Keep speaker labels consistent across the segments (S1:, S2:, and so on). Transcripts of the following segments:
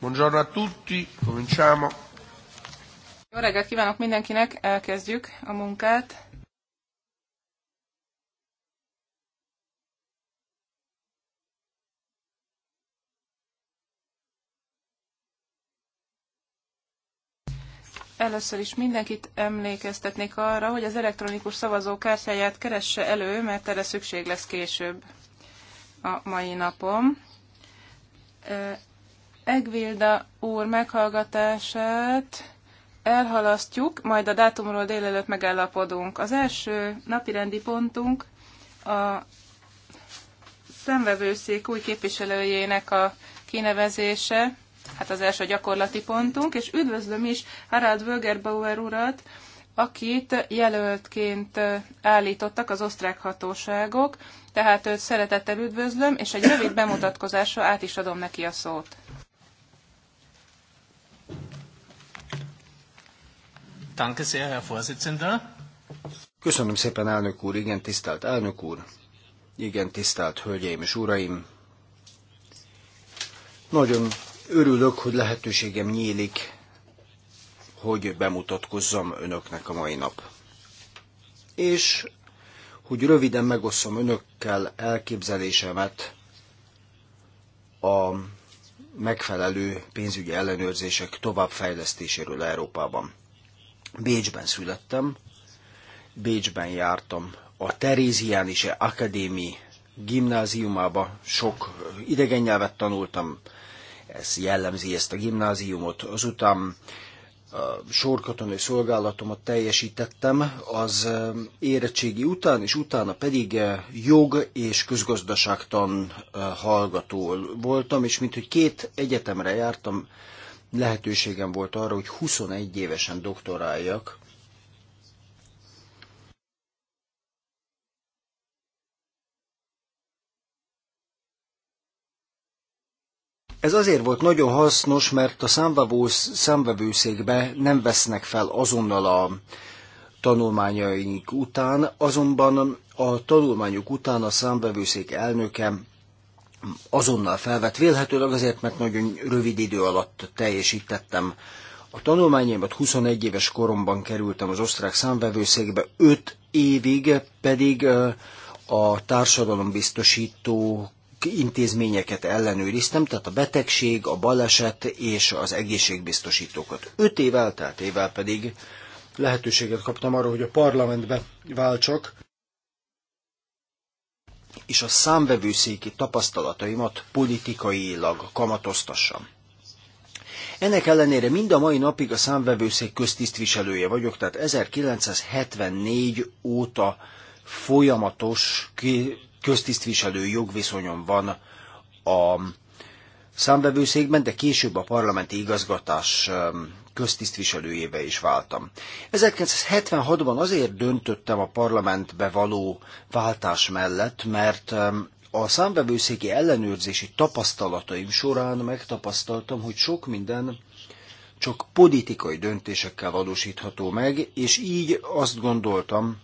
S1: Buongiorno a tutti, cominciamo.
S2: Jó reggelt kívánok mindenkinek, elkezdjük a munkát. Először is mindenkit emlékeztetnék arra, hogy az elektronikus szavazókártyáját keresse elő, mert erre szükség lesz később a mai napom. Egvilda úr meghallgatását elhalasztjuk, majd a dátumról délelőtt megállapodunk. Az első napirendi pontunk a szemvevőszék új képviselőjének a kinevezése, hát az első gyakorlati pontunk, és üdvözlöm is Harald Wögerbauer urat, akit jelöltként állítottak az osztrák hatóságok, tehát őt szeretettel üdvözlöm, és egy rövid bemutatkozásra át is adom neki a szót.
S1: Danke sehr, Herr Vorsitzender.
S3: Köszönöm szépen, elnök úr, igen tisztelt elnök úr, igen tisztelt hölgyeim és uraim. Nagyon örülök, hogy lehetőségem nyílik, hogy bemutatkozzam önöknek a mai nap. És hogy röviden megosszam önökkel elképzelésemet a megfelelő pénzügyi ellenőrzések továbbfejlesztéséről Európában. Bécsben születtem, Bécsben jártam a Teréziánise Akadémi gimnáziumába, sok idegen nyelvet tanultam, ez jellemzi ezt a gimnáziumot, azután sorkatonai szolgálatomat teljesítettem az érettségi után, és utána pedig jog és közgazdaságtan hallgató voltam, és mint hogy két egyetemre jártam, lehetőségem volt arra, hogy 21 évesen doktoráljak. Ez azért volt nagyon hasznos, mert a számvevőszékbe nem vesznek fel azonnal a tanulmányaink után, azonban a tanulmányok után a számvevőszék elnöke azonnal felvett, vélhetőleg azért, mert nagyon rövid idő alatt teljesítettem a tanulmányaimat 21 éves koromban kerültem az osztrák számvevőszékbe, 5 évig pedig a társadalombiztosító intézményeket ellenőriztem, tehát a betegség, a baleset és az egészségbiztosítókat. 5 év elteltével pedig lehetőséget kaptam arra, hogy a parlamentbe váltsak, és a számvevőszéki tapasztalataimat politikailag kamatoztassam. Ennek ellenére mind a mai napig a számvevőszék köztisztviselője vagyok, tehát 1974 óta folyamatos köztisztviselő jogviszonyom van a számvevőszékben, de később a parlamenti igazgatás köztisztviselőjébe is váltam. 1976-ban azért döntöttem a parlamentbe való váltás mellett, mert a számvevőszéki ellenőrzési tapasztalataim során megtapasztaltam, hogy sok minden csak politikai döntésekkel valósítható meg, és így azt gondoltam,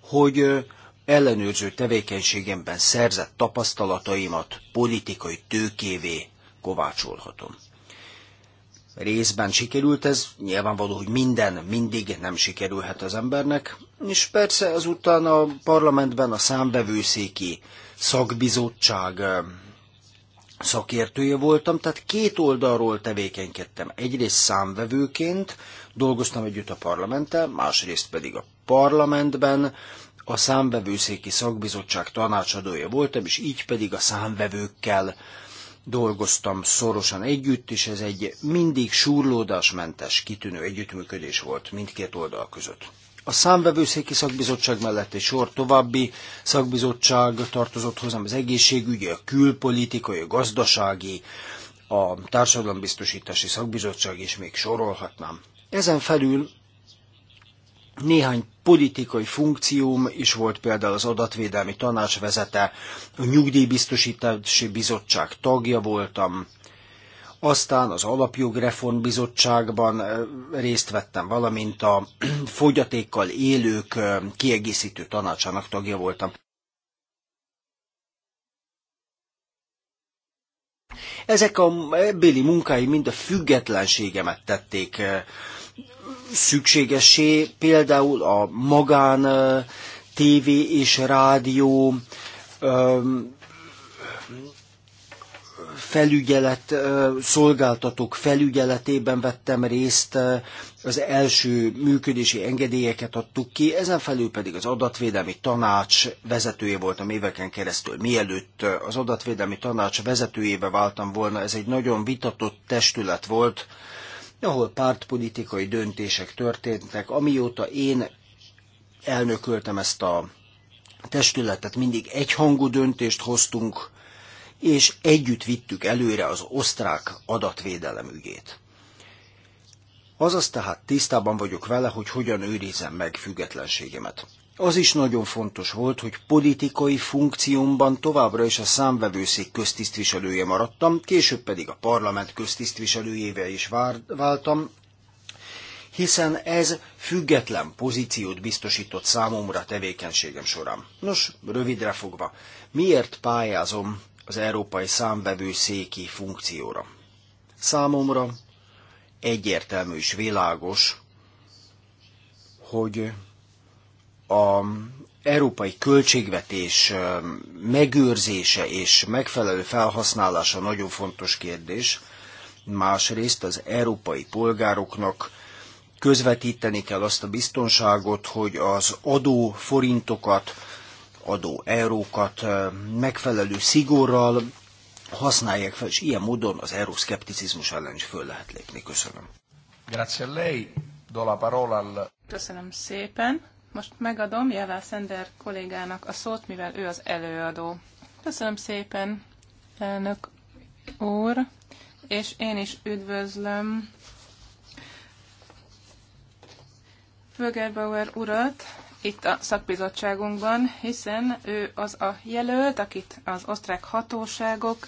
S3: hogy ellenőrző tevékenységemben szerzett tapasztalataimat politikai tőkévé kovácsolhatom részben sikerült ez, nyilvánvaló, hogy minden mindig nem sikerülhet az embernek, és persze azután a parlamentben a számbevőszéki szakbizottság szakértője voltam, tehát két oldalról tevékenykedtem. Egyrészt számvevőként dolgoztam együtt a parlamenttel, másrészt pedig a parlamentben, a számvevőszéki szakbizottság tanácsadója voltam, és így pedig a számvevőkkel dolgoztam szorosan együtt, és ez egy mindig súrlódásmentes, kitűnő együttműködés volt mindkét oldal között. A számvevőszéki szakbizottság mellett egy sor további szakbizottság tartozott hozzám az egészségügyi, a külpolitikai, a gazdasági, a társadalombiztosítási szakbizottság, is még sorolhatnám. Ezen felül néhány politikai funkcióm is volt, például az adatvédelmi tanács vezete, a nyugdíjbiztosítási bizottság tagja voltam, aztán az Alapjogreform Bizottságban részt vettem, valamint a fogyatékkal élők kiegészítő tanácsának tagja voltam. Ezek a béli munkái mind a függetlenségemet tették szükségesé, például a magán tévé és rádió felügyelet szolgáltatók felügyeletében vettem részt, az első működési engedélyeket adtuk ki, ezen felül pedig az adatvédelmi tanács vezetője voltam éveken keresztül. Mielőtt az adatvédelmi tanács vezetőjébe váltam volna, ez egy nagyon vitatott testület volt, ahol pártpolitikai döntések történtek. Amióta én elnököltem ezt a testületet, mindig egyhangú döntést hoztunk, és együtt vittük előre az osztrák adatvédelem ügyét. Azaz tehát tisztában vagyok vele, hogy hogyan őrizem meg függetlenségemet. Az is nagyon fontos volt, hogy politikai funkciómban továbbra is a számvevőszék köztisztviselője maradtam, később pedig a parlament köztisztviselőjével is váltam, hiszen ez független pozíciót biztosított számomra tevékenységem során. Nos, rövidre fogva, miért pályázom az Európai Számvevőszéki funkcióra? Számomra egyértelmű és világos, hogy a európai költségvetés megőrzése és megfelelő felhasználása nagyon fontos kérdés. Másrészt az európai polgároknak közvetíteni kell azt a biztonságot, hogy az adó forintokat, adó eurókat megfelelő szigorral használják fel, és ilyen módon az euroszkepticizmus ellen is föl lehet lépni. Köszönöm. Grazie a lei. Do la parola al...
S2: Köszönöm szépen. Most megadom Jelá Szender kollégának a szót, mivel ő az előadó. Köszönöm szépen, elnök úr, és én is üdvözlöm Fögerbauer urat itt a szakbizottságunkban, hiszen ő az a jelölt, akit az osztrák hatóságok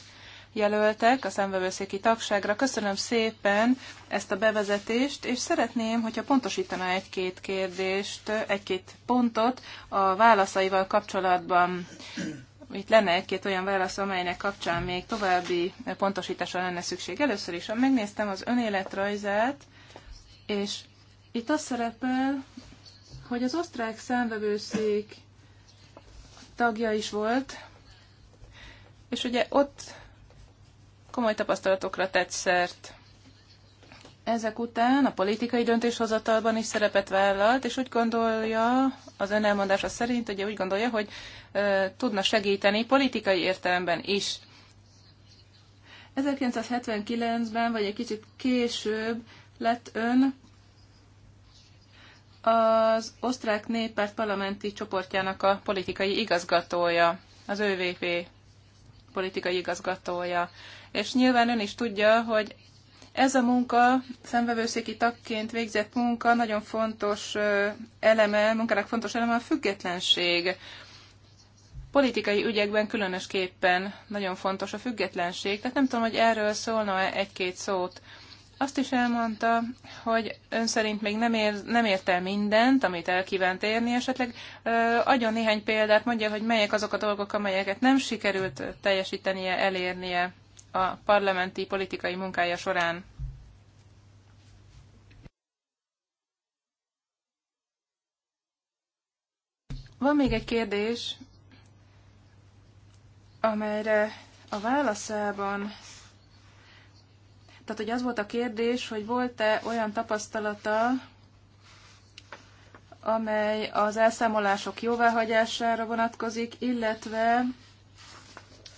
S2: jelöltek a szemvevőszéki tagságra. Köszönöm szépen ezt a bevezetést, és szeretném, hogyha pontosítaná egy-két kérdést, egy-két pontot a válaszaival kapcsolatban. Itt lenne egy-két olyan válasz, amelynek kapcsán még további pontosításra lenne szükség. Először is, megnéztem az önéletrajzát, és itt az szerepel, hogy az osztrák szemvevőszék tagja is volt, és ugye ott komoly tapasztalatokra tett szert. Ezek után a politikai döntéshozatalban is szerepet vállalt, és úgy gondolja, az ön elmondása szerint, ugye úgy gondolja, hogy e, tudna segíteni politikai értelemben is. 1979-ben, vagy egy kicsit később lett ön az osztrák néppárt parlamenti csoportjának a politikai igazgatója, az ÖVP politikai igazgatója és nyilván ön is tudja, hogy ez a munka, szemvevőszéki tagként végzett munka nagyon fontos eleme, munkának fontos eleme a függetlenség. Politikai ügyekben különösképpen nagyon fontos a függetlenség, tehát nem tudom, hogy erről szólna-e egy-két szót. Azt is elmondta, hogy ön szerint még nem, ér, nem ért el mindent, amit el kívánt érni, esetleg ö, adjon néhány példát, mondja, hogy melyek azok a dolgok, amelyeket nem sikerült teljesítenie, elérnie a parlamenti politikai munkája során. Van még egy kérdés, amelyre a válaszában, tehát hogy az volt a kérdés, hogy volt-e olyan tapasztalata, amely az elszámolások jóváhagyására vonatkozik, illetve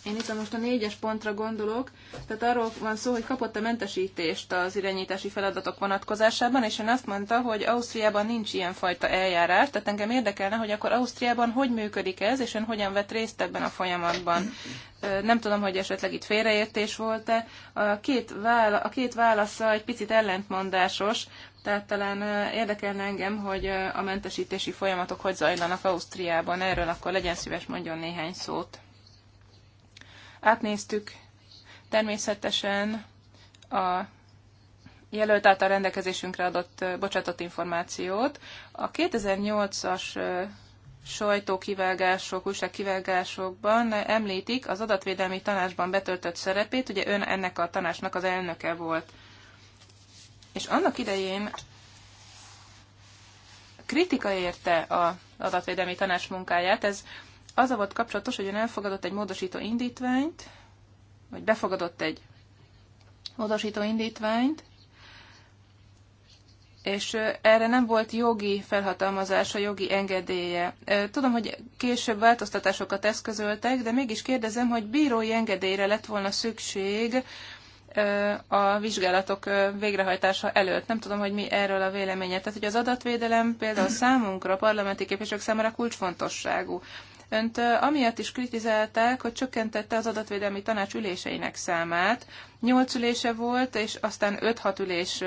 S2: én itt most a négyes pontra gondolok, tehát arról van szó, hogy kapott a mentesítést az irányítási feladatok vonatkozásában, és én azt mondta, hogy Ausztriában nincs ilyen fajta eljárás, tehát engem érdekelne, hogy akkor Ausztriában hogy működik ez, és ön hogyan vett részt ebben a folyamatban. Nem tudom, hogy esetleg itt félreértés volt-e. A két, vála, a két válasza egy picit ellentmondásos, tehát talán érdekelne engem, hogy a mentesítési folyamatok hogy zajlanak Ausztriában. Erről akkor legyen szíves mondjon néhány szót. Átnéztük természetesen a jelölt által rendelkezésünkre adott bocsátott információt. A 2008-as sajtókivágások, újságkivágásokban említik az adatvédelmi tanácsban betöltött szerepét, ugye ön ennek a tanácsnak az elnöke volt. És annak idején kritika érte az adatvédelmi tanács munkáját, ez az volt kapcsolatos, hogy ön elfogadott egy módosító indítványt, vagy befogadott egy módosító indítványt, és erre nem volt jogi felhatalmazása, jogi engedélye. Tudom, hogy később változtatásokat eszközöltek, de mégis kérdezem, hogy bírói engedélyre lett volna szükség a vizsgálatok végrehajtása előtt. Nem tudom, hogy mi erről a véleménye. Tehát, hogy az adatvédelem például számunkra, a parlamenti képviselők számára kulcsfontosságú. Önt amiatt is kritizálták, hogy csökkentette az adatvédelmi tanács üléseinek számát. Nyolc ülése volt, és aztán öt hat ülés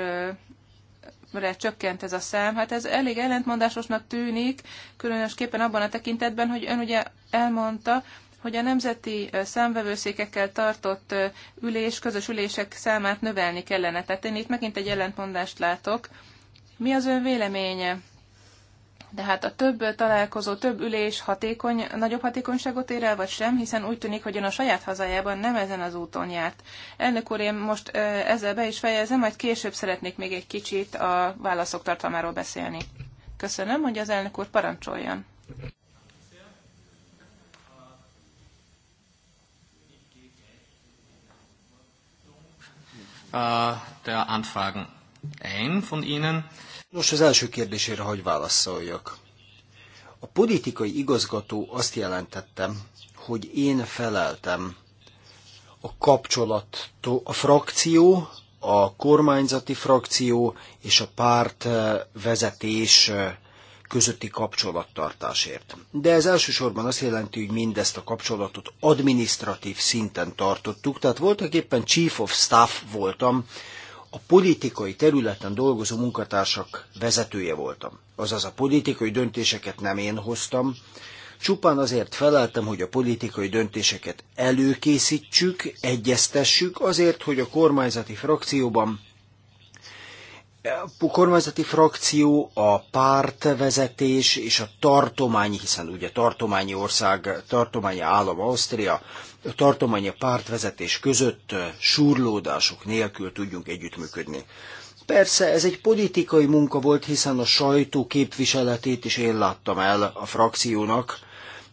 S2: csökkent ez a szám. Hát ez elég ellentmondásosnak tűnik, különösképpen abban a tekintetben, hogy ön ugye elmondta, hogy a nemzeti számvevőszékekkel tartott ülés, közös ülések számát növelni kellene. Tehát én itt megint egy ellentmondást látok. Mi az ön véleménye? De hát a több találkozó, több ülés hatékony, nagyobb hatékonyságot ér el, vagy sem, hiszen úgy tűnik, hogy ön a saját hazájában nem ezen az úton járt. Elnök úr, én most ezzel be is fejezem, majd később szeretnék még egy kicsit a válaszok tartalmáról beszélni. Köszönöm, hogy az elnök úr parancsoljon.
S3: Uh, der Anfragen ein von Ihnen. Nos, az első kérdésére hogy válaszoljak. A politikai igazgató azt jelentettem, hogy én feleltem a kapcsolat, a frakció, a kormányzati frakció és a párt eh, vezetés eh, közötti kapcsolattartásért. De ez elsősorban azt jelenti, hogy mindezt a kapcsolatot administratív szinten tartottuk, tehát voltak éppen chief of staff voltam a politikai területen dolgozó munkatársak vezetője voltam. Azaz a politikai döntéseket nem én hoztam, Csupán azért feleltem, hogy a politikai döntéseket előkészítsük, egyeztessük, azért, hogy a kormányzati frakcióban a kormányzati frakció, a pártvezetés és a tartományi, hiszen ugye tartományi ország, tartományi állam Ausztria, tartomány a pártvezetés között súrlódások nélkül tudjunk együttműködni. Persze ez egy politikai munka volt, hiszen a sajtó képviseletét is én láttam el a frakciónak,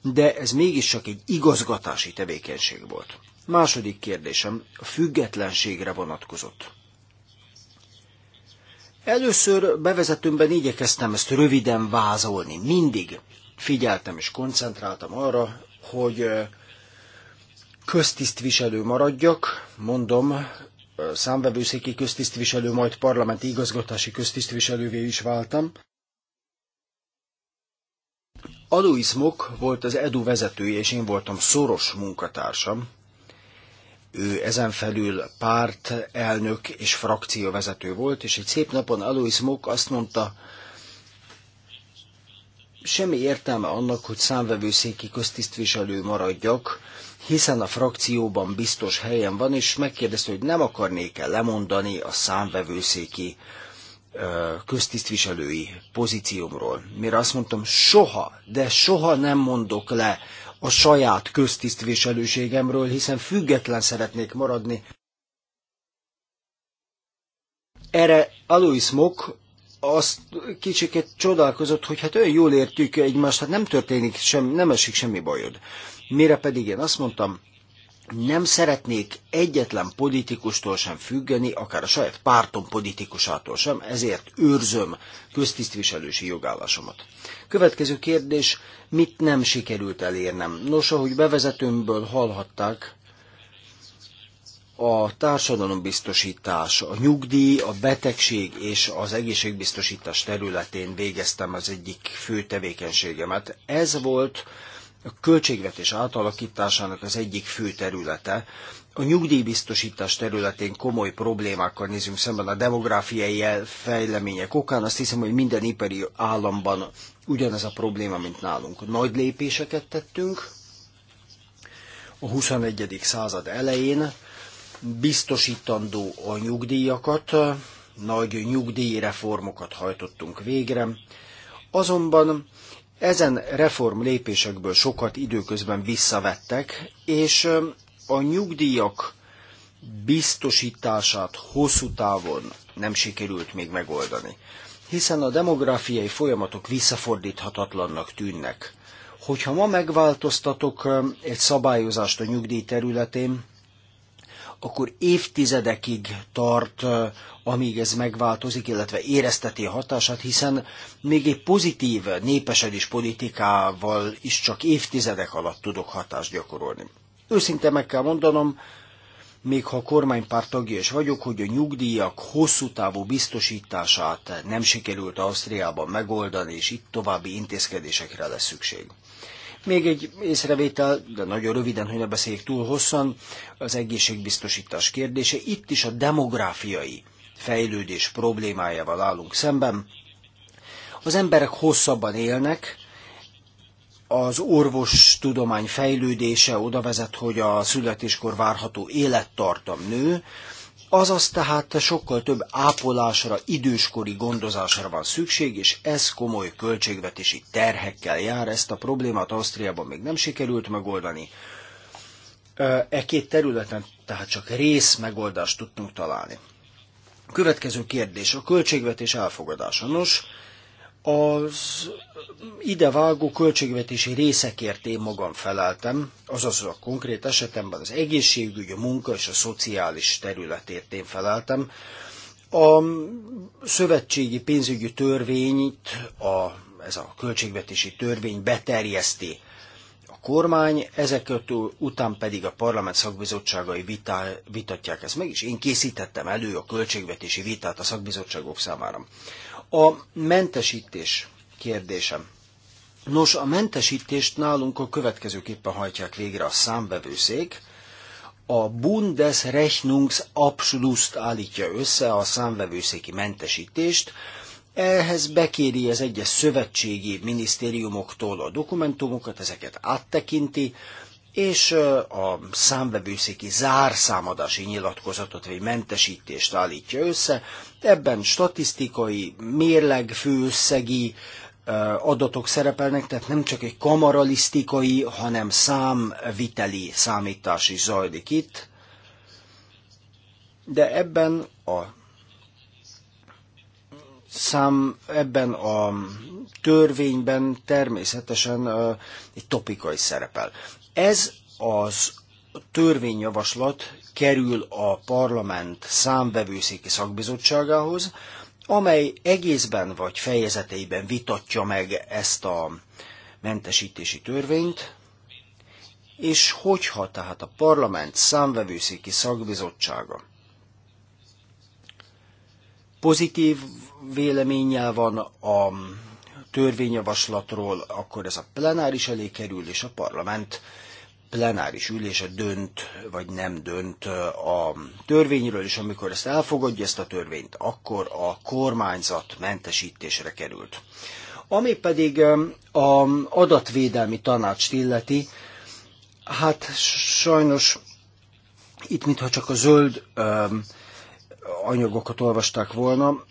S3: de ez mégiscsak egy igazgatási tevékenység volt. Második kérdésem a függetlenségre vonatkozott. Először bevezetőmben igyekeztem ezt röviden vázolni. Mindig figyeltem és koncentráltam arra, hogy köztisztviselő maradjak, mondom, számvevőszéki köztisztviselő, majd parlamenti igazgatási köztisztviselővé is váltam. Alois Mok volt az EDU vezetője, és én voltam szoros munkatársam. Ő ezen felül párt elnök és frakcióvezető volt, és egy szép napon Alois Mok azt mondta, semmi értelme annak, hogy számvevőszéki köztisztviselő maradjak, hiszen a frakcióban biztos helyen van, és megkérdezte, hogy nem akarnék-e lemondani a számvevőszéki köztisztviselői pozíciómról. Mire azt mondtam, soha, de soha nem mondok le a saját köztisztviselőségemről, hiszen független szeretnék maradni. Erre Alois Mok, azt kicsiket csodálkozott, hogy hát olyan jól értjük egymást, hát nem történik sem, nem esik semmi bajod. Mire pedig én azt mondtam, nem szeretnék egyetlen politikustól sem függeni, akár a saját pártom politikusától sem, ezért őrzöm köztisztviselősi jogállásomat. Következő kérdés, mit nem sikerült elérnem? Nos, ahogy bevezetőmből hallhatták, a társadalombiztosítás, a nyugdíj, a betegség és az egészségbiztosítás területén végeztem az egyik fő tevékenységemet. Ez volt a költségvetés átalakításának az egyik fő területe. A nyugdíjbiztosítás területén komoly problémákkal nézünk szemben a demográfiai fejlemények okán. Azt hiszem, hogy minden ipari államban ugyanez a probléma, mint nálunk. Nagy lépéseket tettünk a 21. század elején, biztosítandó a nyugdíjakat, nagy nyugdíjreformokat hajtottunk végre, azonban ezen reform lépésekből sokat időközben visszavettek, és a nyugdíjak biztosítását hosszú távon nem sikerült még megoldani, hiszen a demográfiai folyamatok visszafordíthatatlannak tűnnek. Hogyha ma megváltoztatok egy szabályozást a nyugdíj területén, akkor évtizedekig tart, amíg ez megváltozik, illetve érezteti a hatását, hiszen még egy pozitív népesedés politikával is csak évtizedek alatt tudok hatást gyakorolni. Őszinte meg kell mondanom, még ha kormánypárt tagja is vagyok, hogy a nyugdíjak hosszú távú biztosítását nem sikerült Ausztriában megoldani, és itt további intézkedésekre lesz szükség. Még egy észrevétel, de nagyon röviden, hogy ne beszéljük túl hosszan, az egészségbiztosítás kérdése. Itt is a demográfiai fejlődés problémájával állunk szemben. Az emberek hosszabban élnek, az orvos tudomány fejlődése oda vezet, hogy a születéskor várható élettartam nő, Azaz tehát sokkal több ápolásra, időskori gondozásra van szükség, és ez komoly költségvetési terhekkel jár. Ezt a problémát Ausztriában még nem sikerült megoldani. E két területen tehát csak rész megoldást tudtunk találni. Következő kérdés, a költségvetés elfogadása. Nos, az idevágó költségvetési részekért én magam feleltem, azaz a konkrét esetemben az egészségügy, a munka és a szociális területért én feleltem. A szövetségi pénzügyi törvényt, a, ez a költségvetési törvény beterjeszti a kormány, ezeket után pedig a parlament szakbizottságai vitá, vitatják ezt meg, és én készítettem elő a költségvetési vitát a szakbizottságok számára. A mentesítés kérdésem. Nos, a mentesítést nálunk a következőképpen hajtják végre a számvevőszék. A Bundesrechnungsabschluss-t állítja össze a számvevőszéki mentesítést, ehhez bekéri az egyes szövetségi minisztériumoktól a dokumentumokat, ezeket áttekinti, és a számbevőszéki zárszámadási nyilatkozatot vagy mentesítést állítja össze. Ebben statisztikai, mérleg, főszegi adatok szerepelnek, tehát nem csak egy kamaralisztikai, hanem számviteli számítás is zajlik itt. De ebben a szám, ebben a törvényben természetesen egy topikai szerepel. Ez az törvényjavaslat kerül a parlament számvevőszéki szakbizottságához, amely egészben vagy fejezeteiben vitatja meg ezt a mentesítési törvényt, és hogyha tehát a parlament számvevőszéki szakbizottsága pozitív véleménnyel van a törvényjavaslatról, akkor ez a plenáris elé kerül, és a parlament plenáris ülése dönt, vagy nem dönt a törvényről, és amikor ezt elfogadja, ezt a törvényt, akkor a kormányzat mentesítésre került. Ami pedig a adatvédelmi tanács illeti, hát sajnos itt mintha csak a zöld anyagokat olvasták volna,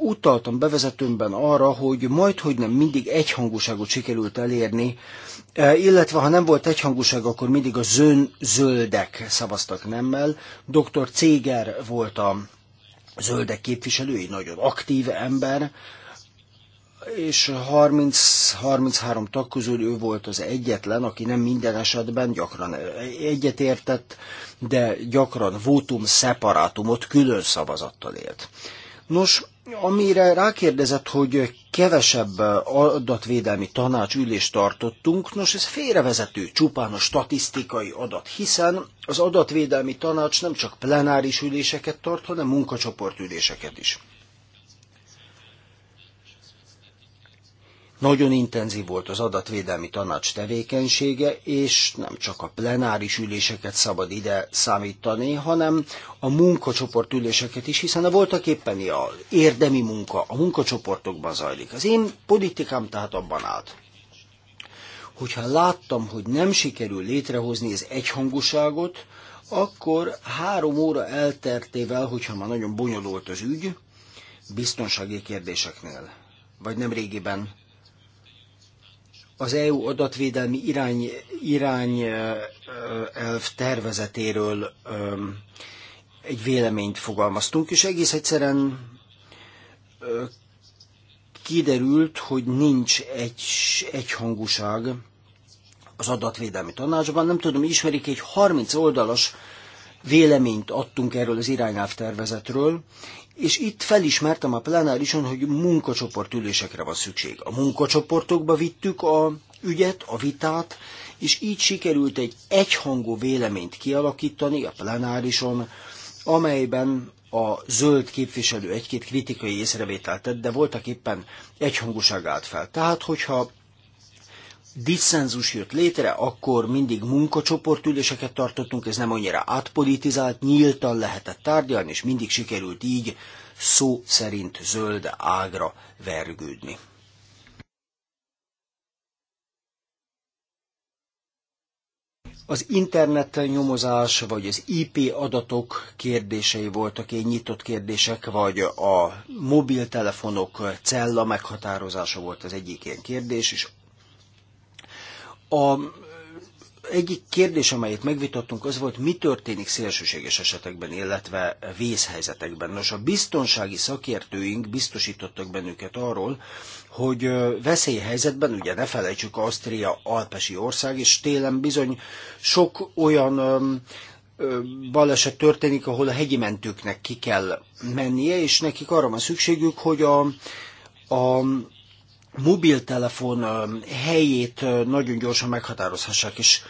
S3: utaltam bevezetőmben arra, hogy majd, hogy nem mindig egyhangúságot sikerült elérni, e, illetve ha nem volt egyhangúság, akkor mindig a zön zöldek szavaztak nemmel. Dr. Céger volt a zöldek képviselői, nagyon aktív ember, és 30-33 tag közül ő volt az egyetlen, aki nem minden esetben gyakran egyetértett, de gyakran votum separátumot külön szavazattal élt. Nos, amire rákérdezett, hogy kevesebb adatvédelmi tanácsülést tartottunk, nos ez félrevezető, csupán a statisztikai adat, hiszen az adatvédelmi tanács nem csak plenáris üléseket tart, hanem munkacsoportüléseket is. Nagyon intenzív volt az adatvédelmi tanács tevékenysége, és nem csak a plenáris üléseket szabad ide számítani, hanem a munkacsoport üléseket is, hiszen a voltak éppen a érdemi munka a munkacsoportokban zajlik. Az én politikám tehát abban állt, hogyha láttam, hogy nem sikerül létrehozni az egyhangúságot, akkor három óra eltertével, hogyha már nagyon bonyolult az ügy, biztonsági kérdéseknél, vagy nem régiben az EU adatvédelmi irány, irány elv tervezetéről egy véleményt fogalmaztunk, és egész egyszerűen kiderült, hogy nincs egy, egyhangúság az adatvédelmi tanácsban. Nem tudom, ismerik egy 30 oldalas véleményt adtunk erről az irányelv tervezetről, és itt felismertem a plenárison, hogy munkacsoport ülésekre van szükség. A munkacsoportokba vittük a ügyet, a vitát, és így sikerült egy egyhangú véleményt kialakítani a plenárison, amelyben a zöld képviselő egy-két kritikai észrevételt tett, de voltak éppen egyhangúság állt fel. Tehát, hogyha Diszenzus jött létre, akkor mindig munkacsoportüléseket tartottunk, ez nem annyira átpolitizált, nyíltan lehetett tárgyalni, és mindig sikerült így szó szerint zöld ágra vergődni. Az internettel nyomozás, vagy az IP adatok kérdései voltak én nyitott kérdések, vagy a mobiltelefonok cella meghatározása volt az egyik ilyen kérdés, és a egyik kérdés, amelyet megvitattunk, az volt, mi történik szélsőséges esetekben, illetve vészhelyzetekben. Nos, a biztonsági szakértőink biztosítottak bennünket arról, hogy veszélyhelyzetben, ugye ne felejtsük, Ausztria alpesi ország, és télen bizony sok olyan baleset történik, ahol a hegyi mentőknek ki kell mennie, és nekik arra van szükségük, hogy a, a mobiltelefon helyét nagyon gyorsan meghatározhassák, és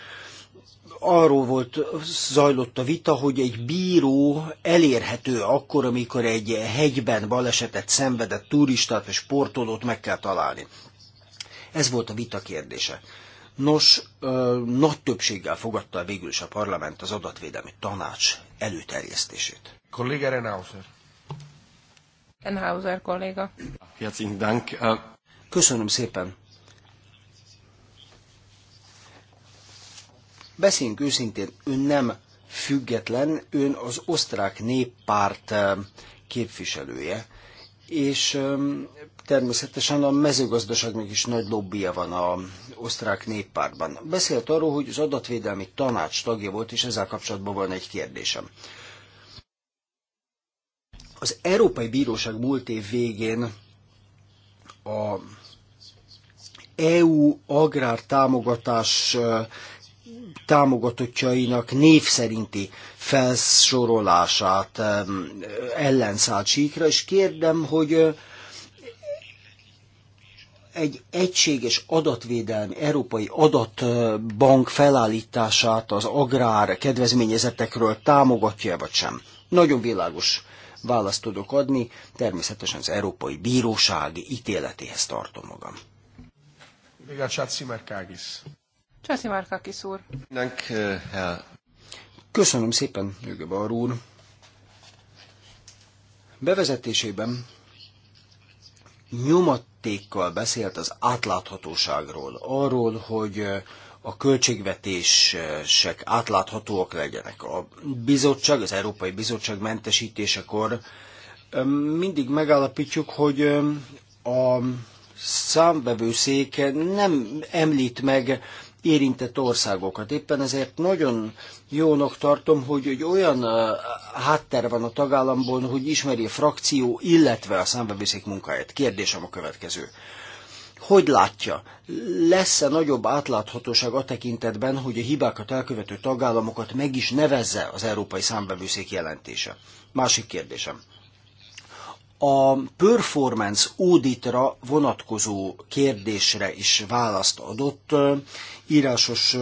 S3: arról volt, zajlott a vita, hogy egy bíró elérhető akkor, amikor egy hegyben balesetet szenvedett turistát vagy sportolót meg kell találni. Ez volt a vita kérdése. Nos, ö, nagy többséggel fogadta végül is a parlament az adatvédelmi tanács előterjesztését. Kolléga Renhauser.
S2: Renhauser kolléga.
S3: Herzlichen Dank. Köszönöm szépen! Beszéljünk őszintén, ön nem független, ön az osztrák néppárt eh, képviselője, és eh, természetesen a mezőgazdaságnak is nagy lobbija van az osztrák néppártban. Beszélt arról, hogy az adatvédelmi tanács tagja volt, és ezzel kapcsolatban van egy kérdésem. Az Európai Bíróság múlt év végén a EU agrártámogatás támogatottjainak név szerinti felsorolását ellenszállt síkra, és kérdem, hogy egy egységes adatvédelmi, európai adatbank felállítását az agrár kedvezményezetekről támogatja, vagy sem? Nagyon világos választ tudok adni, természetesen az Európai bírósági ítéletéhez tartom magam
S1: kolléga Csácimerkágis.
S2: Csácimerkágis úr.
S3: Eh, Köszönöm szépen, Bar úr. Bevezetésében nyomatékkal beszélt az átláthatóságról, arról, hogy eh, a költségvetések átláthatóak legyenek. A bizottság, az Európai Bizottság mentesítésekor eh, mindig megállapítjuk, hogy a számbevőszék nem említ meg érintett országokat. Éppen ezért nagyon jónak tartom, hogy, hogy olyan háttér van a tagállamban, hogy ismeri a frakció, illetve a számbevőszék munkáját. Kérdésem a következő. Hogy látja, lesz-e nagyobb átláthatóság a tekintetben, hogy a hibákat elkövető tagállamokat meg is nevezze az Európai Számbevőszék jelentése? Másik kérdésem a performance auditra vonatkozó kérdésre is választ adott írásos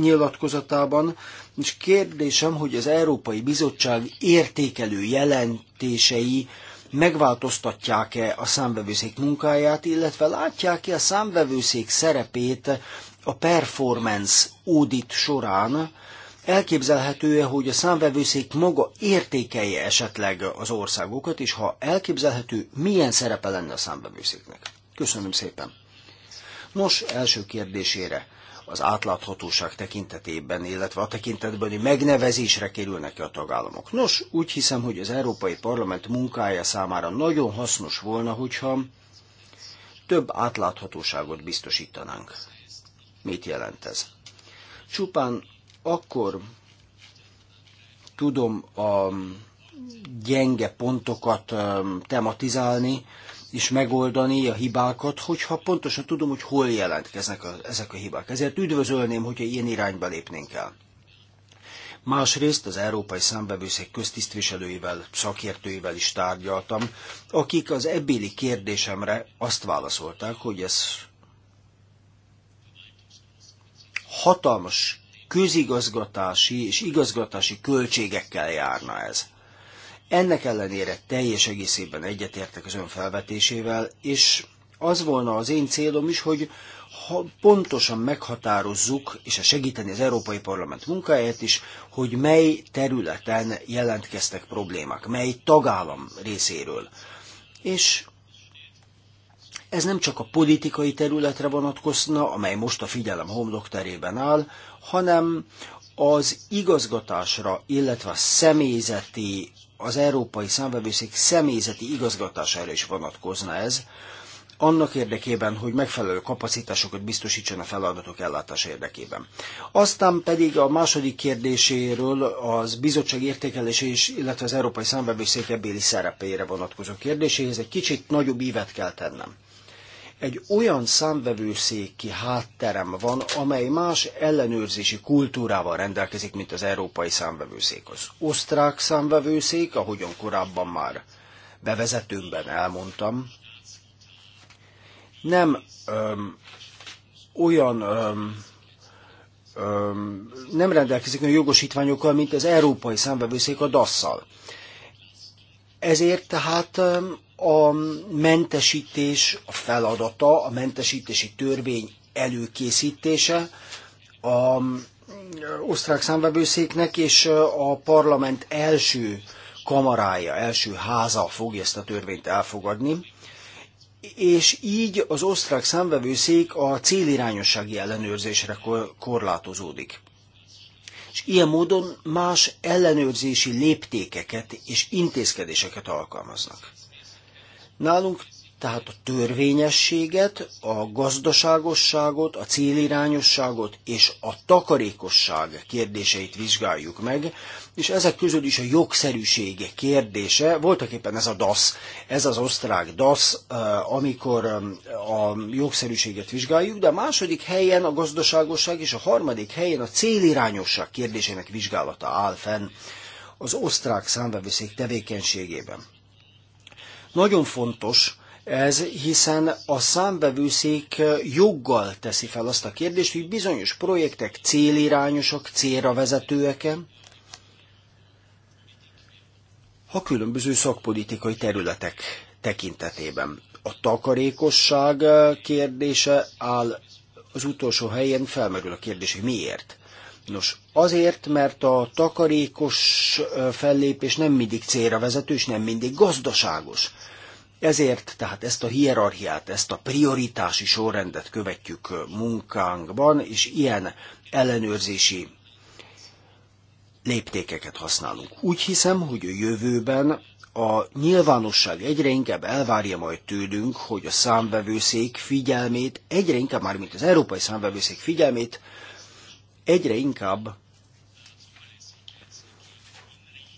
S3: nyilatkozatában, és kérdésem, hogy az Európai Bizottság értékelő jelentései megváltoztatják-e a számvevőszék munkáját, illetve látják-e a számvevőszék szerepét a performance audit során, Elképzelhető-e, hogy a számvevőszék maga értékelje esetleg az országokat, és ha elképzelhető, milyen szerepe lenne a számvevőszéknek? Köszönöm szépen. Nos, első kérdésére az átláthatóság tekintetében, illetve a tekintetben, hogy megnevezésre kerülnek -e a tagállamok. Nos, úgy hiszem, hogy az Európai Parlament munkája számára nagyon hasznos volna, hogyha több átláthatóságot biztosítanánk. Mit jelent ez? Csupán akkor tudom a gyenge pontokat um, tematizálni, és megoldani a hibákat, hogyha pontosan tudom, hogy hol jelentkeznek a, ezek a hibák. Ezért üdvözölném, hogyha ilyen irányba lépnénk el. Másrészt az Európai Számbevőszék köztisztviselőivel, szakértőivel is tárgyaltam, akik az ebbéli kérdésemre azt válaszolták, hogy ez hatalmas közigazgatási és igazgatási költségekkel járna ez. Ennek ellenére teljes egészében egyetértek az ön felvetésével, és az volna az én célom is, hogy ha pontosan meghatározzuk, és a segíteni az Európai Parlament munkáját is, hogy mely területen jelentkeztek problémák, mely tagállam részéről. És ez nem csak a politikai területre vonatkozna, amely most a figyelem homlokterében áll, hanem az igazgatásra, illetve a személyzeti, az Európai Számvevőszék személyzeti igazgatására is vonatkozna ez, annak érdekében, hogy megfelelő kapacitásokat biztosítson a feladatok ellátása érdekében. Aztán pedig a második kérdéséről az bizottság értékelése és, illetve az Európai Számbevőszék ebbéli szerepére vonatkozó kérdéséhez egy kicsit nagyobb ívet kell tennem egy olyan számvevőszéki hátterem van, amely más ellenőrzési kultúrával rendelkezik, mint az európai számvevőszék. Az osztrák számvevőszék, ahogyan korábban már bevezetőmben elmondtam, nem öm, olyan öm, öm, nem rendelkezik olyan jogosítványokkal, mint az európai számvevőszék a DASZ-szal. Ezért tehát a mentesítés a feladata, a mentesítési törvény előkészítése a osztrák számvevőszéknek, és a parlament első kamarája, első háza fogja ezt a törvényt elfogadni, és így az osztrák számvevőszék a célirányossági ellenőrzésre korlátozódik. És ilyen módon más ellenőrzési léptékeket és intézkedéseket alkalmaznak. Nálunk tehát a törvényességet, a gazdaságosságot, a célirányosságot és a takarékosság kérdéseit vizsgáljuk meg, és ezek közül is a jogszerűség kérdése, voltak éppen ez a DAS, ez az osztrák DAS, eh, amikor eh, a jogszerűséget vizsgáljuk, de a második helyen a gazdaságosság és a harmadik helyen a célirányosság kérdésének vizsgálata áll fenn az osztrák számbevőszék tevékenységében. Nagyon fontos, ez, hiszen a számbevőszék joggal teszi fel azt a kérdést, hogy bizonyos projektek célirányosak, célra vezetőek a különböző szakpolitikai területek tekintetében. A takarékosság kérdése áll az utolsó helyen, felmerül a kérdés, hogy miért. Nos, azért, mert a takarékos fellépés nem mindig célra vezető, és nem mindig gazdaságos. Ezért tehát ezt a hierarchiát, ezt a prioritási sorrendet követjük munkánkban, és ilyen ellenőrzési léptékeket használunk. Úgy hiszem, hogy a jövőben a nyilvánosság egyre inkább elvárja majd tőlünk, hogy a számvevőszék figyelmét, egyre inkább már, mint az európai számvevőszék figyelmét egyre inkább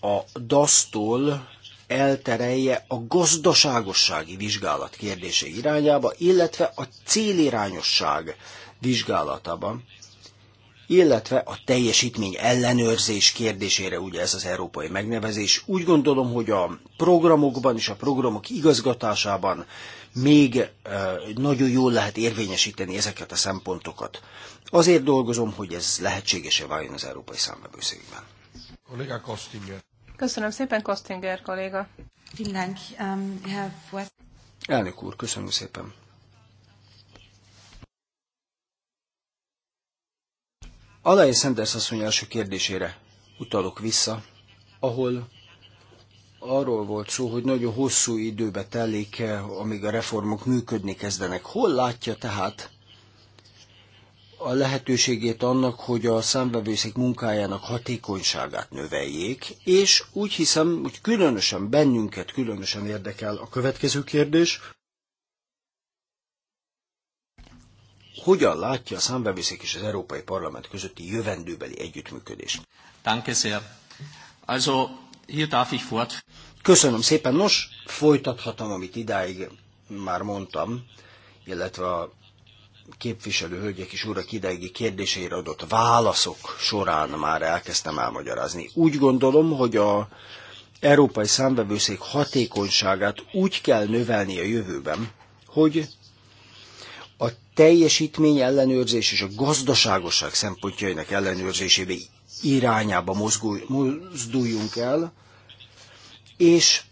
S3: a DASZ-tól elterelje a gazdaságossági vizsgálat kérdése irányába, illetve a célirányosság vizsgálatában, illetve a teljesítmény ellenőrzés kérdésére, ugye ez az európai megnevezés. Úgy gondolom, hogy a programokban és a programok igazgatásában még eh, nagyon jól lehet érvényesíteni ezeket a szempontokat. Azért dolgozom, hogy ez lehetségesé váljon az európai számbevőszékben.
S1: Kolléga Kostinger. Köszönöm
S2: szépen, Kostinger kolléga. Ähm,
S3: Elnök úr, köszönöm szépen. Alain Sanders asszony első kérdésére utalok vissza, ahol arról volt szó, hogy nagyon hosszú időbe telik, eh, amíg a reformok működni kezdenek. Hol látja tehát a lehetőségét annak, hogy a számbevőszék munkájának hatékonyságát növeljék, és úgy hiszem, hogy különösen bennünket különösen érdekel a következő kérdés. Hogyan látja a számbevőszék és az Európai Parlament közötti jövendőbeli együttműködést? Danke sehr. Also, Hier darf ich fort. Köszönöm szépen. Nos, folytathatom, amit idáig már mondtam, illetve a képviselő hölgyek és urak ideigi kérdéseire adott válaszok során már elkezdtem elmagyarázni. Úgy gondolom, hogy a európai számvevőszék hatékonyságát úgy kell növelni a jövőben, hogy a teljesítmény ellenőrzés és a gazdaságosság szempontjainak ellenőrzésébe irányába mozgulj, mozduljunk el, és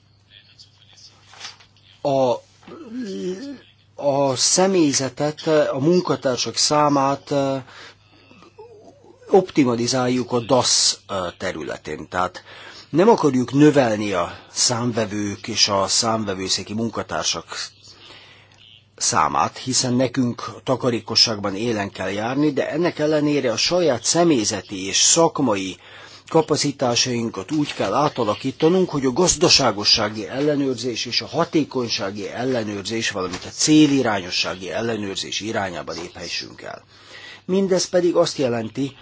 S3: a, a személyzetet, a munkatársak számát optimalizáljuk a DAS területén. Tehát nem akarjuk növelni a számvevők és a számvevőszéki munkatársak számát, hiszen nekünk takarékosságban élen kell járni, de ennek ellenére a saját személyzeti és szakmai kapacitásainkat úgy kell átalakítanunk, hogy a gazdaságossági ellenőrzés és a hatékonysági ellenőrzés, valamint a célirányossági ellenőrzés irányába léphessünk el. Mindez pedig azt jelenti,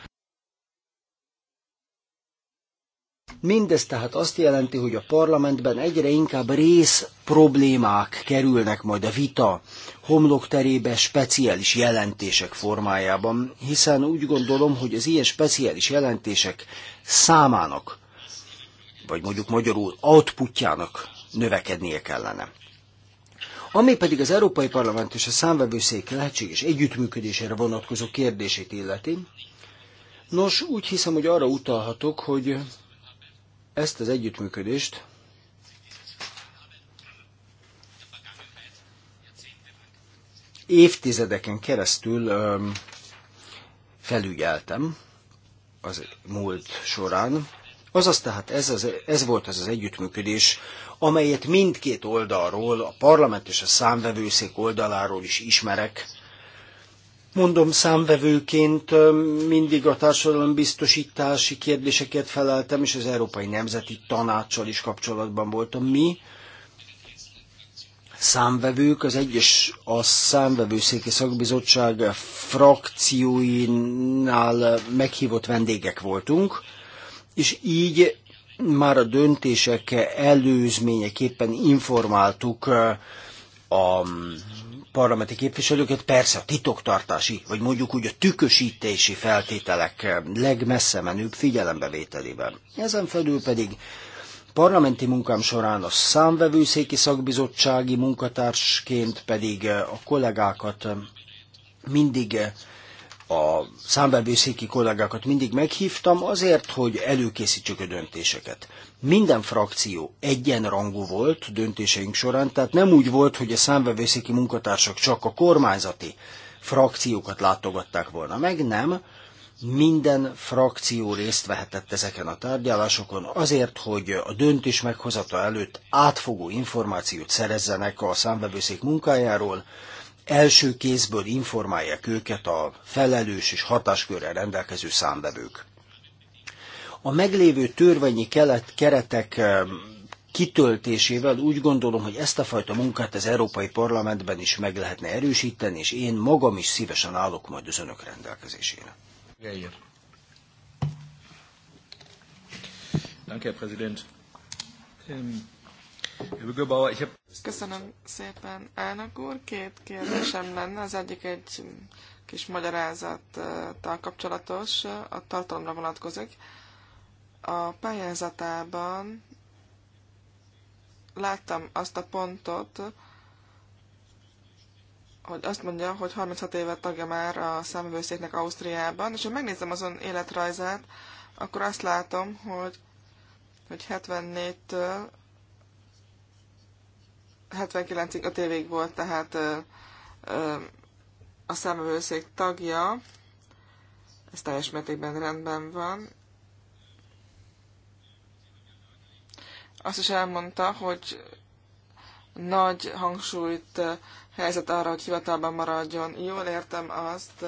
S3: Mindez tehát azt jelenti, hogy a parlamentben egyre inkább rész problémák kerülnek majd a vita homlokterébe speciális jelentések formájában, hiszen úgy gondolom, hogy az ilyen speciális jelentések számának, vagy mondjuk magyarul outputjának növekednie kellene. Ami pedig az Európai Parlament és a számvevőszék lehetséges együttműködésére vonatkozó kérdését illeti, nos, úgy hiszem, hogy arra utalhatok, hogy ezt az együttműködést évtizedeken keresztül felügyeltem az múlt során. Azaz tehát ez, az, ez volt az az együttműködés, amelyet mindkét oldalról, a parlament és a számvevőszék oldaláról is ismerek, Mondom, számvevőként mindig a társadalombiztosítási kérdéseket feleltem, és az Európai Nemzeti Tanácssal is kapcsolatban voltam. Mi számvevők, az egyes a számvevőszéki szakbizottság frakcióinál meghívott vendégek voltunk, és így már a döntések előzményeképpen informáltuk a parlamenti képviselőket, persze a titoktartási, vagy mondjuk úgy a tükösítési feltételek legmessze menőbb figyelembevételében. Ezen felül pedig parlamenti munkám során a számvevőszéki szakbizottsági munkatársként pedig a kollégákat mindig a számvevőszéki kollégákat mindig meghívtam azért, hogy előkészítsük a döntéseket minden frakció egyenrangú volt döntéseink során, tehát nem úgy volt, hogy a számbevészéki munkatársak csak a kormányzati frakciókat látogatták volna meg, nem. Minden frakció részt vehetett ezeken a tárgyalásokon azért, hogy a döntés meghozata előtt átfogó információt szerezzenek a számbevőszék munkájáról, első kézből informálják őket a felelős és hatáskörrel rendelkező számbevők. A meglévő törvényi kelet keretek kitöltésével úgy gondolom, hogy ezt a fajta munkát az Európai Parlamentben is meg lehetne erősíteni, és én magam is szívesen állok majd az önök rendelkezésére.
S1: Geir. Danke, Präsident. Ähm, Köszönöm szépen, elnök úr. Két kérdésem lenne. Az egyik egy kis magyarázattal kapcsolatos, a tartalomra vonatkozik. A pályázatában láttam azt a pontot, hogy azt mondja, hogy 36 éve tagja már a számvevőszéknek Ausztriában, és ha megnézem azon életrajzát, akkor azt látom, hogy, hogy 74-től 79-ig 5 évig volt tehát ö, ö, a számvevőszék tagja, ez teljes mértékben rendben van, azt is elmondta, hogy nagy hangsúlyt eh, helyezett arra, hogy hivatalban maradjon. Jól értem azt,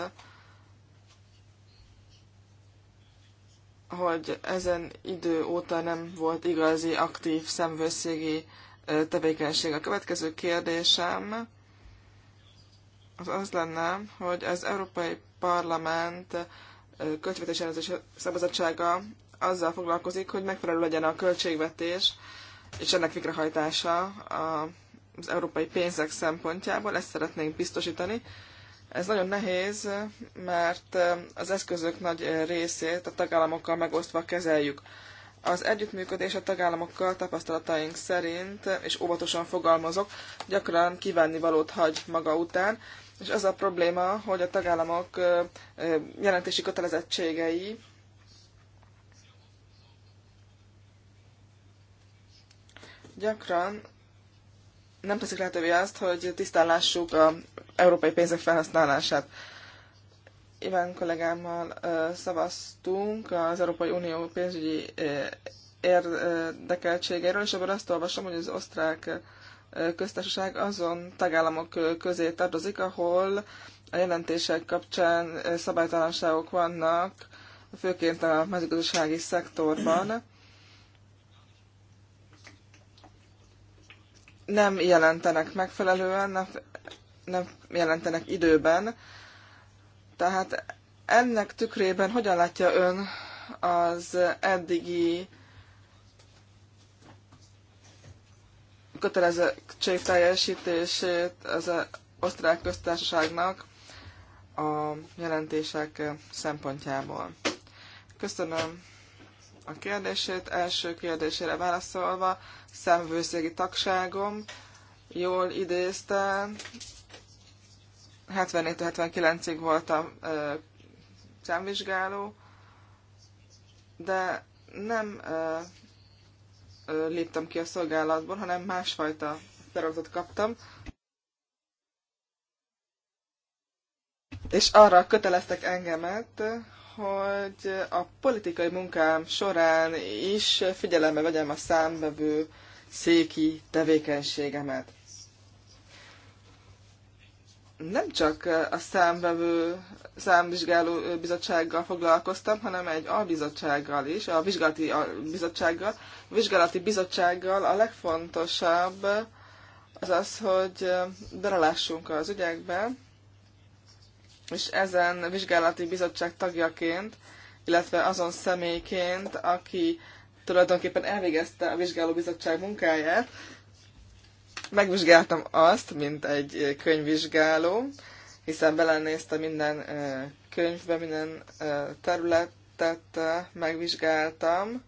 S1: hogy ezen idő óta nem volt igazi, aktív szemvőszégi eh, tevékenység. A következő kérdésem az az lenne, hogy az Európai Parlament eh, költségvetés ellenőrzési szabadsága azzal foglalkozik, hogy megfelelő legyen a költségvetés és ennek végrehajtása az európai pénzek szempontjából. Ezt szeretnénk biztosítani. Ez nagyon nehéz, mert az eszközök nagy részét a tagállamokkal megosztva kezeljük. Az együttműködés a tagállamokkal tapasztalataink szerint, és óvatosan fogalmazok, gyakran kívánni valót hagy maga után, és az a probléma, hogy a tagállamok jelentési kötelezettségei gyakran nem teszik lehetővé azt, hogy tisztállássuk lássuk a európai pénzek felhasználását. Iván kollégámmal szavaztunk az Európai Unió pénzügyi érdekeltségéről, és abban azt olvasom, hogy az osztrák köztársaság azon tagállamok közé tartozik, ahol a jelentések kapcsán szabálytalanságok vannak, főként a mezőgazdasági szektorban. nem jelentenek megfelelően, nem, nem jelentenek időben. Tehát ennek tükrében hogyan látja ön az eddigi kötelezettség teljesítését az osztrák köztársaságnak a jelentések szempontjából. Köszönöm a kérdését. Első kérdésére válaszolva, szemvőszégi tagságom, jól idézte, 74-79-ig voltam ö, szemvizsgáló, de nem ö, ö, léptem ki a szolgálatból, hanem másfajta feladatot kaptam. És arra köteleztek engemet, hogy a politikai munkám során is figyelembe vegyem a számbevő széki tevékenységemet. Nem csak a számbevő számvizsgáló bizottsággal foglalkoztam, hanem egy albizottsággal is, a vizsgálati bizottsággal. A vizsgálati bizottsággal a legfontosabb az az, hogy belelássunk az ügyekbe, és ezen vizsgálati bizottság tagjaként, illetve azon személyként, aki tulajdonképpen elvégezte a vizsgálóbizottság munkáját, megvizsgáltam azt, mint egy eh, könyvvizsgáló, hiszen belenézte minden eh, könyvbe, minden eh, területet megvizsgáltam.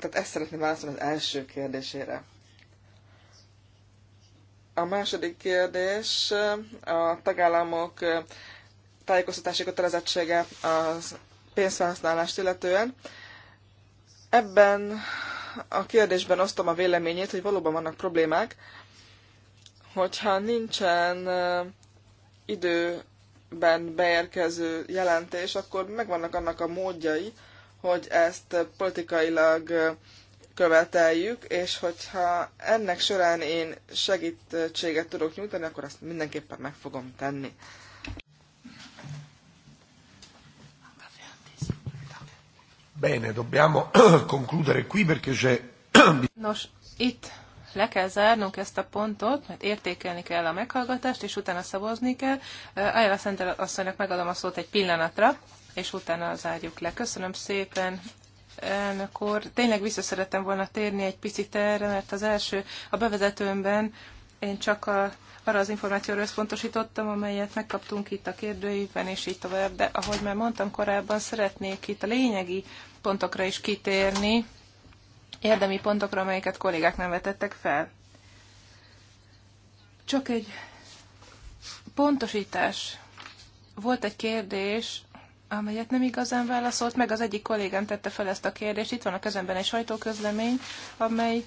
S1: Tehát ezt szeretném válaszolni az első kérdésére. A második kérdés a tagállamok tájékoztatási kötelezettsége az pénzfelhasználást illetően. Ebben a kérdésben osztom a véleményét, hogy valóban vannak problémák, hogyha nincsen időben beérkező jelentés, akkor megvannak annak a módjai, hogy ezt politikailag követeljük, és hogyha ennek során én segítséget tudok nyújtani, akkor azt mindenképpen meg fogom tenni.
S3: Bene, dobbiamo concludere qui perché c'è...
S2: Nos, itt le kell zárnunk ezt a pontot, mert értékelni kell a meghallgatást, és utána szavazni kell. Eh, Ajala Szentel asszonynak megadom a szót egy pillanatra, és utána zárjuk le. Köszönöm szépen, elnök úr. Tényleg vissza szerettem volna térni egy picit erre, mert az első, a bevezetőmben én csak a, arra az információra összpontosítottam, amelyet megkaptunk itt a kérdőívben, és így tovább, de ahogy már mondtam korábban, szeretnék itt a lényegi pontokra is kitérni, érdemi pontokra, amelyeket kollégák nem vetettek fel. Csak egy pontosítás. Volt egy kérdés amelyet nem igazán válaszolt meg. Az egyik kollégám tette fel ezt a kérdést. Itt van a kezemben egy sajtóközlemény, amely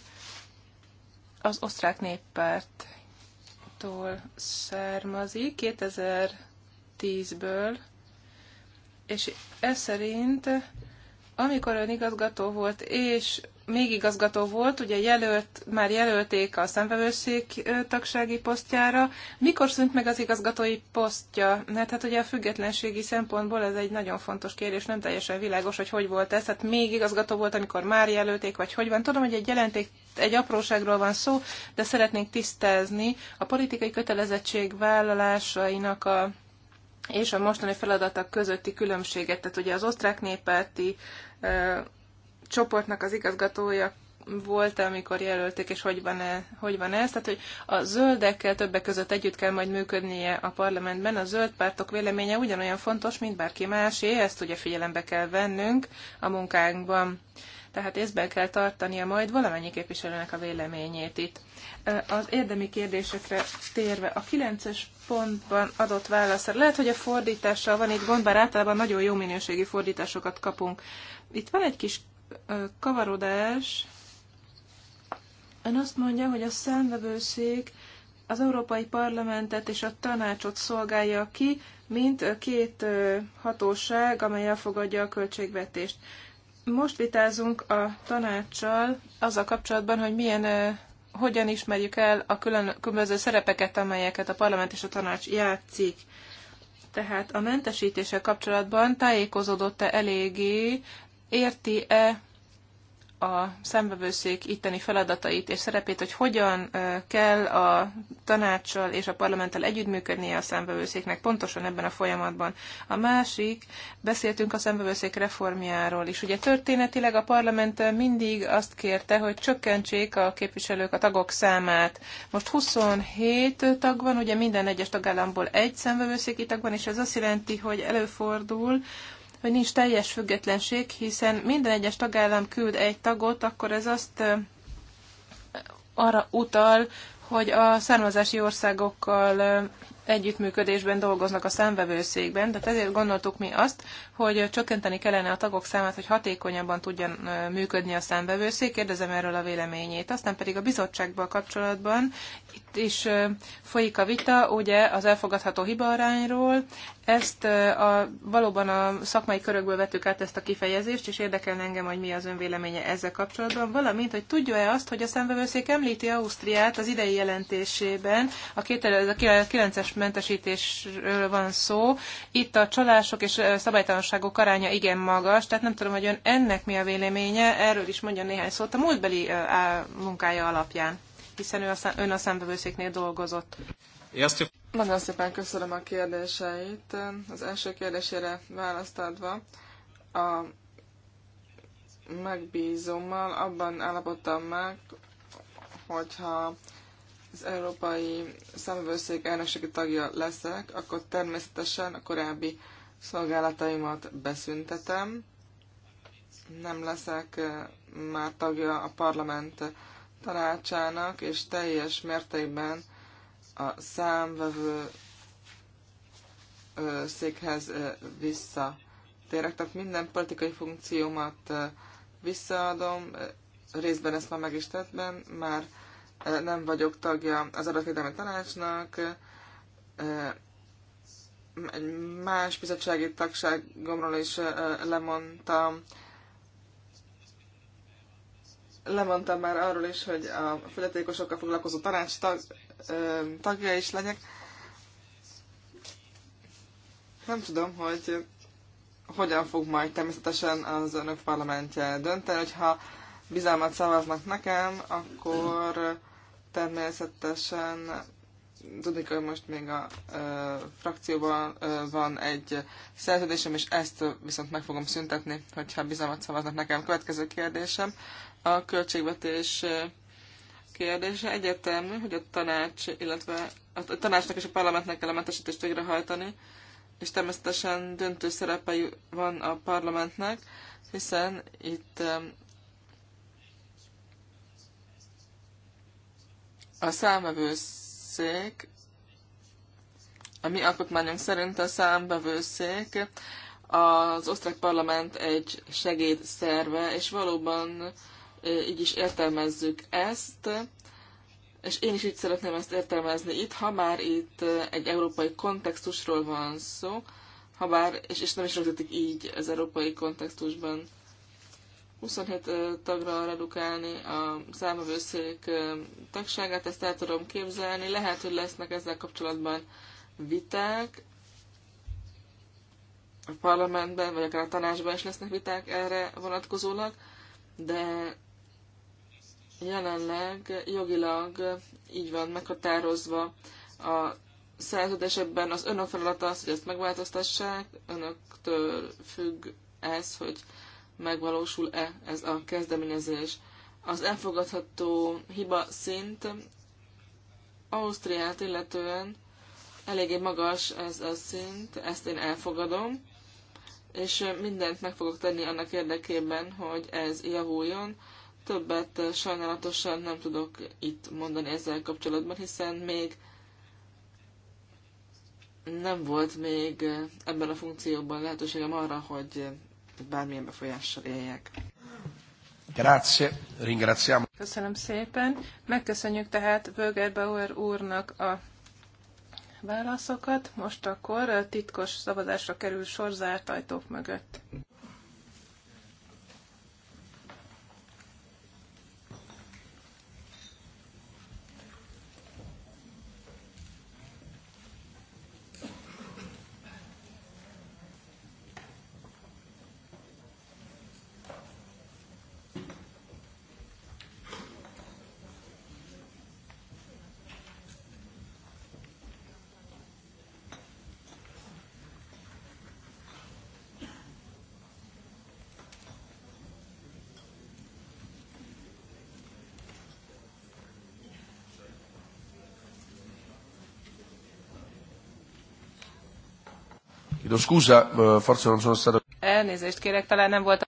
S2: az osztrák néppárttól származik 2010-ből, és ez szerint amikor ön igazgató volt, és még igazgató volt, ugye jelölt, már jelölték a szemvevőszék tagsági posztjára. Mikor szűnt meg az igazgatói posztja? Mert hát ugye a függetlenségi szempontból ez egy nagyon fontos kérdés, nem teljesen világos, hogy hogy volt ez. Hát még igazgató volt, amikor már jelölték, vagy hogy van. Tudom, hogy egy jelenték, egy apróságról van szó, de szeretnénk tisztázni a politikai kötelezettség vállalásainak a és a mostani feladatok közötti különbséget. Tehát ugye az osztrák néppárti ö, csoportnak az igazgatója volt amikor jelölték, és hogy van, -e, hogy van ez. Tehát, hogy a zöldekkel többek között együtt kell majd működnie a parlamentben. A zöld pártok véleménye ugyanolyan fontos, mint bárki másé, ezt ugye figyelembe kell vennünk a munkánkban tehát észben kell tartania majd valamennyi képviselőnek a véleményét itt. Az érdemi kérdésekre térve, a 9-es pontban adott válaszra, lehet, hogy a fordítással van itt gond, bár általában nagyon jó minőségi fordításokat kapunk. Itt van egy kis kavarodás. Ön azt mondja, hogy a szemvevőszék az Európai Parlamentet és a tanácsot szolgálja ki, mint két hatóság, amely elfogadja a költségvetést. Most vitázunk a tanácssal a kapcsolatban, hogy milyen, hogyan ismerjük el a külön, különböző szerepeket, amelyeket a parlament és a tanács játszik. Tehát a mentesítése kapcsolatban tájékozódott-e eléggé, érti-e a szembevőszék itteni feladatait és szerepét, hogy hogyan kell a tanácssal és a parlamenttel együttműködnie a szembevőszéknek pontosan ebben a folyamatban. A másik, beszéltünk a szembevőszék reformjáról is. Ugye történetileg a parlament mindig azt kérte, hogy csökkentsék a képviselők, a tagok számát. Most 27 tag van, ugye minden egyes tagállamból egy szembevőszéki tag van, és ez azt jelenti, hogy előfordul, hogy nincs teljes függetlenség, hiszen minden egyes tagállam küld egy tagot, akkor ez azt arra utal, hogy a származási országokkal együttműködésben dolgoznak a számvevőszékben, tehát ezért gondoltuk mi azt, hogy csökkenteni kellene a tagok számát, hogy hatékonyabban tudjon működni a számvevőszék, kérdezem erről a véleményét. Aztán pedig a bizottságban kapcsolatban itt is folyik a vita, ugye az elfogadható hibaarányról, ezt a, valóban a szakmai körökből vettük át ezt a kifejezést, és érdekel engem, hogy mi az ön véleménye ezzel kapcsolatban, valamint, hogy tudja-e azt, hogy a szemvevőszék említi Ausztriát az idei jelentésében, a 2009-es mentesítésről van szó. Itt a csalások és szabálytalanságok aránya igen magas, tehát nem tudom, hogy ön ennek mi a véleménye, erről is mondjon néhány szót a múltbeli munkája alapján, hiszen ő a, ön a számbevőszéknél dolgozott. Nagyon szépen
S1: köszönöm a kérdéseit. Az első kérdésére választ adva, a megbízommal abban állapodtam meg, hogyha az Európai Szemvőszék elnökségi tagja leszek, akkor természetesen a korábbi szolgálataimat beszüntetem. Nem leszek eh, már tagja a parlament tanácsának, és teljes mértékben a számvevő eh, székhez eh, visszatérek. Tehát minden politikai funkciómat visszaadom, részben ezt már meg is tettem, már nem vagyok tagja az adatvédelmi tanácsnak, egy más bizottsági tagságomról is lemondtam. Lemondtam már arról is, hogy a fogyatékosokkal foglalkozó tanács tag, tagja is legyek. Nem tudom, hogy hogyan fog majd természetesen az önök parlamentje dönteni, hogyha bizalmat szavaznak nekem, akkor természetesen tudni kell, hogy most még a ö, frakcióban ö, van egy szerződésem, és ezt viszont meg fogom szüntetni, hogyha bizalmat szavaznak nekem. Következő kérdésem a költségvetés kérdése. Egyértelmű, hogy a tanács, illetve a tanácsnak és a parlamentnek kell a mentesítést végrehajtani, és természetesen döntő szerepe van a parlamentnek, hiszen itt A számvevőszék, a mi alkotmányunk szerint a számvevőszék az osztrák parlament egy segédszerve, és valóban e, így is értelmezzük ezt, és én is így szeretném ezt értelmezni itt, ha már itt e, egy európai kontextusról van szó, ha bár, és, és nem is rögzítik így az európai kontextusban 27 tagra redukálni a számövőszék tagságát, ezt el tudom képzelni. Lehet, hogy lesznek ezzel kapcsolatban viták, a parlamentben, vagy akár a tanácsban is lesznek viták erre vonatkozólag, de jelenleg jogilag így van meghatározva a szerződésekben az önök feladata az, hogy ezt megváltoztassák, önöktől függ ez, hogy megvalósul-e ez a kezdeményezés. Az elfogadható hiba szint Ausztriát illetően eléggé magas ez a szint, ezt én elfogadom, és mindent meg fogok tenni annak érdekében, hogy ez javuljon. Többet sajnálatosan nem tudok itt mondani ezzel kapcsolatban, hiszen még nem volt még ebben a funkcióban lehetőségem arra, hogy bármilyen befolyással éljek. Grazie, ringraziamo.
S2: Köszönöm szépen. Megköszönjük tehát Böger Bauer úrnak a válaszokat. Most akkor titkos szavazásra kerül sor zárt ajtók mögött.
S1: Scusa, eh, forse non sono stato...
S2: Elnézést kérek, talán nem voltam